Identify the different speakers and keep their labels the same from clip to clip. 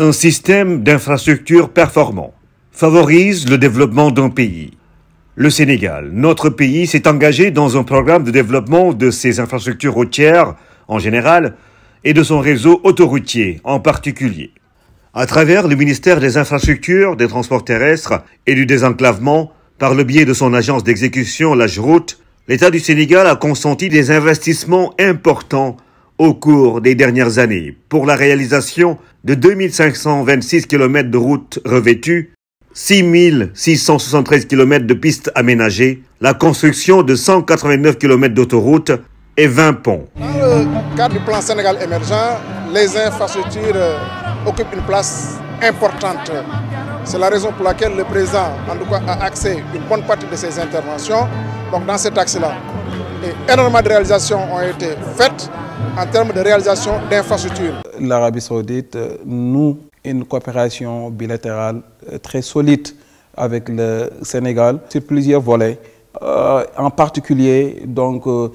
Speaker 1: Un système d'infrastructures performant favorise le développement d'un pays. Le Sénégal, notre pays, s'est engagé dans un programme de développement de ses infrastructures routières en général et de son réseau autoroutier en particulier. À travers le ministère des Infrastructures, des Transports terrestres et du désenclavement, par le biais de son agence d'exécution, la route l'État du Sénégal a consenti des investissements importants au cours des dernières années pour la réalisation de 2526 km de routes revêtues 6673 km de pistes aménagées, la construction de 189 km d'autoroutes et 20 ponts.
Speaker 2: Dans le cadre du plan Sénégal émergent, les infrastructures euh, occupent une place importante. C'est la raison pour laquelle le président en a axé une bonne partie de ses interventions donc dans cet axe-là. énormément de réalisations ont été faites en termes de réalisation d'infrastructures. L'Arabie saoudite euh, nous une coopération bilatérale euh, très solide avec le Sénégal sur plusieurs volets. Euh, en particulier, donc, euh,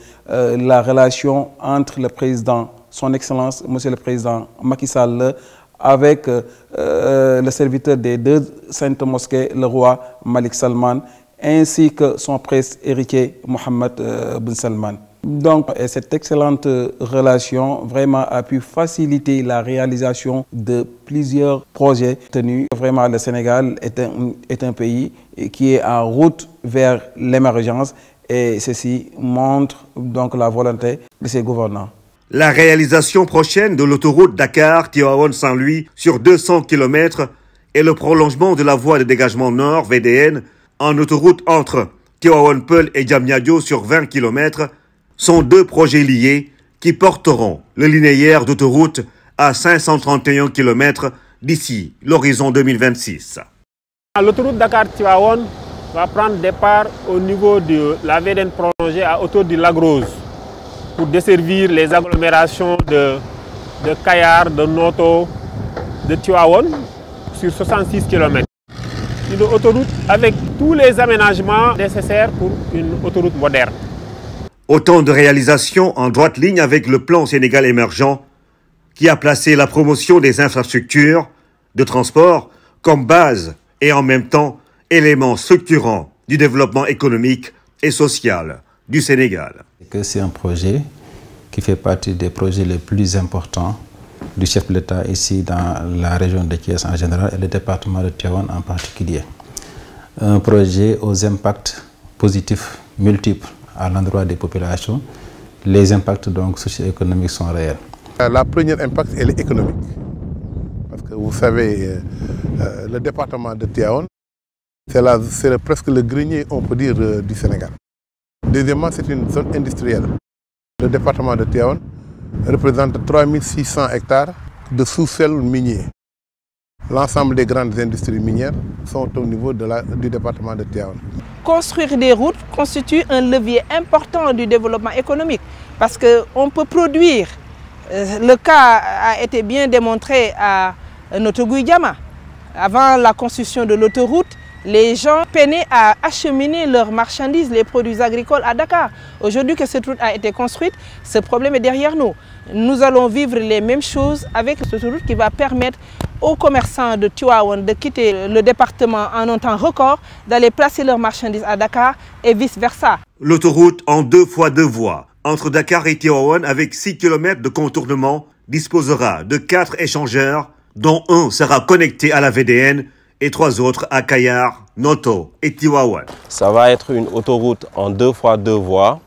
Speaker 2: la relation entre le président, son Excellence, Monsieur le Président Macky Sall, avec le serviteur des deux saintes mosquées, le roi Malik Salman, ainsi que son prince héritier Mohammed bin Salman. Donc, cette excellente relation vraiment a pu faciliter la réalisation de plusieurs projets tenus. Vraiment, le Sénégal est un, est un pays qui est en route vers l'émergence et ceci montre
Speaker 1: donc la volonté de ses gouvernants. La réalisation prochaine de l'autoroute Dakar-Tiwaron-Saint-Louis sur 200 km et le prolongement de la voie de dégagement nord VDN en autoroute entre Tiwaron-Peul et Djamniadio sur 20 km sont deux projets liés qui porteront le linéaire d'autoroute à 531 km d'ici l'horizon 2026. L'autoroute dakar
Speaker 2: tiwaon va prendre départ au niveau de la VDN prolongée à autour de Lagrose pour desservir les agglomérations de, de de Noto, de Tiwaon sur 66 km. Une autoroute avec tous les aménagements nécessaires pour une autoroute moderne.
Speaker 1: Autant de réalisations en droite ligne avec le plan Sénégal émergent qui a placé la promotion des infrastructures de transport comme base et en même temps élément structurant du développement économique et social du Sénégal.
Speaker 2: C'est un projet qui fait partie des projets les plus importants du chef de l'État ici dans la région de Kies en général et le département de Tiawan en particulier. Un projet aux impacts positifs multiples à l'endroit des populations, les impacts socio-économiques sont réels. Euh, la première impact, est économique. Parce que vous savez, euh, euh, le département de Tiaon, c'est presque le grenier, on peut dire, du Sénégal. Deuxièmement, c'est une zone industrielle. Le département de Tiaon représente 3600 hectares de sous-sol minier. L'ensemble des grandes industries minières sont au niveau du département de Tiaon. Construire des routes constitue un levier important du développement économique parce qu'on peut produire. Euh, le cas a été bien démontré à euh, notre yama Avant la construction de l'autoroute, les gens peinaient à acheminer leurs marchandises, les produits agricoles à Dakar. Aujourd'hui que cette route a été construite, ce problème est derrière nous. Nous allons vivre les mêmes choses avec cette route qui va permettre aux commerçants de Tiwawan de quitter le département en un temps record, d'aller placer leurs marchandises à Dakar et vice-versa.
Speaker 1: L'autoroute en deux fois deux voies entre Dakar et Tiawan avec 6 km de contournement disposera de quatre échangeurs dont un sera connecté à la VDN et trois autres à Kayar, Noto et Tiwawan.
Speaker 2: Ça va être une autoroute en deux fois deux voies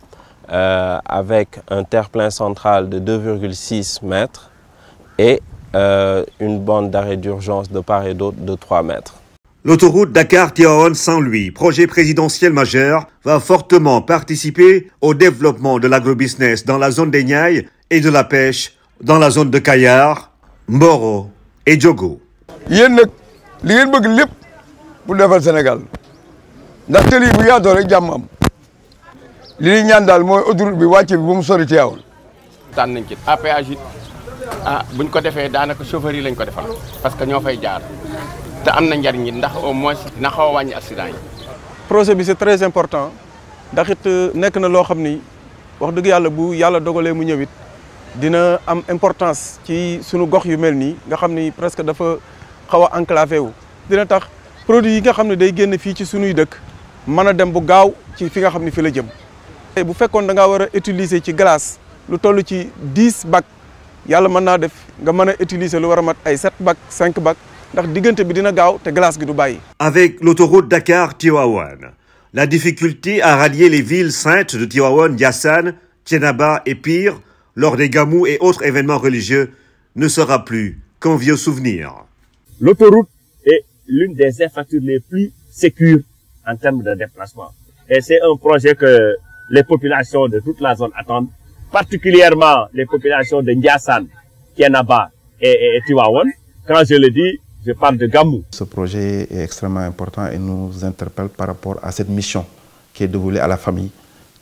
Speaker 2: euh, avec un terre-plein central de 2,6 mètres et euh, une bande d'arrêt d'urgence de part et d'autre de 3 mètres.
Speaker 1: L'autoroute Dakar-Tiaon-Saint-Louis, projet présidentiel majeur, va fortement participer au développement de l'agrobusiness dans la zone des Niayes et de la pêche dans la zone de Kayar, Mboro et Djogo.
Speaker 2: ah buñ ko defee daanaka chauffeur yi lañ ko défal parce que ño fay jaar té amna ndar ñi ndax au moins na xaw a accident yi. projet bi c'est très important ndax it euh, nek na lo xamni wax dëgg yalla bu yalla dogalee mu ñëwit dina am importance ci sunu gox yu melni nga xamni presque dafa xawa enclavé wu. dina tax produit yi nga xamni day génn fi ci suñuy dëkk mëna dem bu gaaw ci fi nga xamni fi la jëm. bu fekkon da nga wara utiliser ci glace lu tollu ci 10 bac. def nga utiliser lu
Speaker 1: 7 bac 5 glace gi Avec l'autoroute dakar tiwaouan la difficulté à rallier les villes saintes de Tiwawan Yassane, Tienaba et pire lors des gamous et autres événements religieux ne sera plus qu'un vieux souvenir. L'autoroute est l'une des infrastructures les plus sécures en termes de déplacement. Et c'est un projet que les populations de toute la zone attendent particulièrement les populations de Ndiassan, Kienaba et, et, Quand je le dis, je parle de Gamou. Ce projet est extrêmement important et nous
Speaker 2: interpelle par rapport à cette mission qui est dévoilée à la famille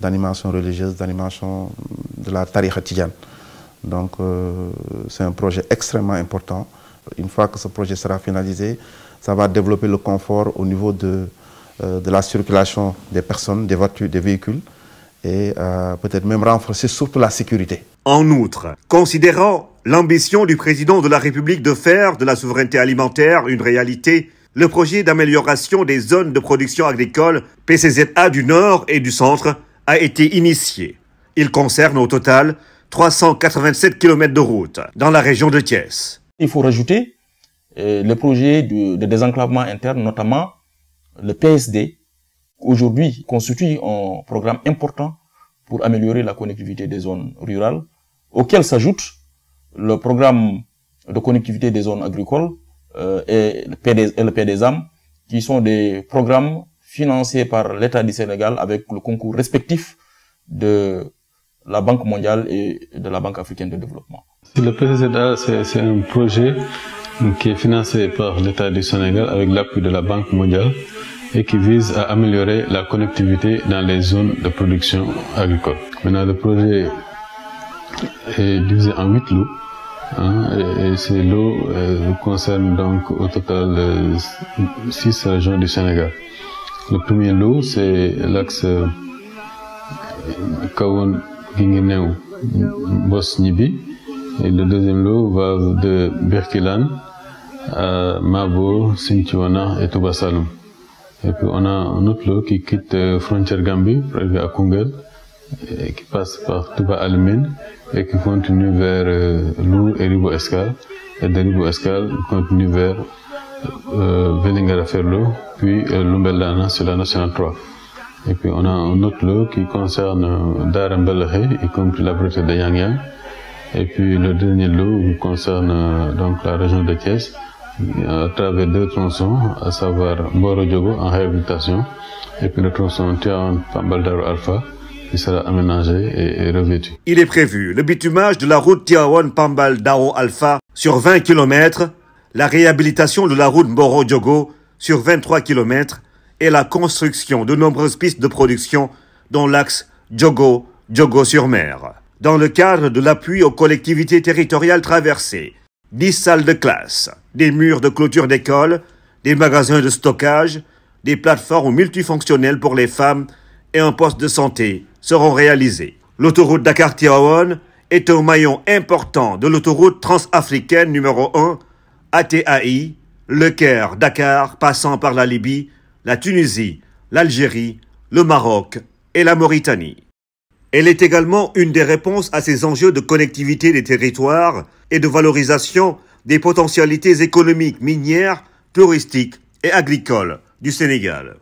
Speaker 2: d'animation religieuse, d'animation de la tariqa tijane. Donc euh, c'est un projet extrêmement important. Une fois que ce projet sera finalisé, ça va développer le confort au niveau de euh, la circulation des personnes, des voitures, des véhicules et euh, peut-être même renforcer surtout la sécurité.
Speaker 1: En outre, considérant l'ambition du président de la République de faire de la souveraineté alimentaire une réalité, le projet d'amélioration des zones de production agricole PCZA du Nord et du Centre a été initié. Il concerne au total 387 km de route dans la région de Thiès.
Speaker 2: Il faut rajouter euh, le projet de désenclavement interne, notamment le PSD, aujourd'hui constitue un programme important pour améliorer la connectivité des zones rurales, auquel s'ajoute le programme de connectivité des zones agricoles euh, et le PDSAM, qui sont des programmes financés par l'État du Sénégal avec le concours respectif de la Banque mondiale et de la Banque africaine de développement. Le PDSAM, c'est un projet qui est financé par l'État du Sénégal avec l'appui de la Banque mondiale et qui vise à améliorer la connectivité dans les zones de production agricole. Maintenant, le projet est divisé en huit lots. Hein, et, ces lots euh, concernent donc au total euh, six régions du Sénégal. Le premier lot, c'est l'axe euh, Kawon bosnibi Et le deuxième lot va de Berkilan à Mabo, Sintiwana et Toubassalou. Et puis on a un autre lot qui quitte euh, frontière Gambie, prévu à Kungel, qui passe par Touba Almine et qui continue vers euh, Lourdes et Ribo Escale. Et de Ribo Escale, continue vers euh, Velingara puis euh, Lumbeldana sur la Nationale 3. Et puis on a un autre lot qui concerne euh, Darembelehe, y compris la brute de Yangyang. Et puis le dernier lot concerne donc la région de Thiès. Euh, à travers deux tronçons, à savoir Moro-Djogo en réhabilitation et puis le tronçon Tiawan Pambaldaro Alpha qui sera aménagé et, revêtu.
Speaker 1: Il est prévu le bitumage de la route Tiawan Pambal Alpha sur 20 km, la réhabilitation de la route Borojogo sur 23 km et la construction de nombreuses pistes de production dont l'axe djogo djogo sur mer. Dans le cadre de l'appui aux collectivités territoriales traversées, Dix salles de classe, des murs de clôture d'école, des magasins de stockage, des plateformes multifonctionnelles pour les femmes et un poste de santé seront réalisés. L'autoroute Dakar-Tiawan est un maillon important de l'autoroute transafricaine numéro 1 ATAI, le Caire, Dakar, passant par la Libye, la Tunisie, l'Algérie, le Maroc et la Mauritanie. Elle est également une des réponses à ces enjeux de connectivité des territoires et de valorisation des potentialités économiques, minières, touristiques et agricoles du Sénégal.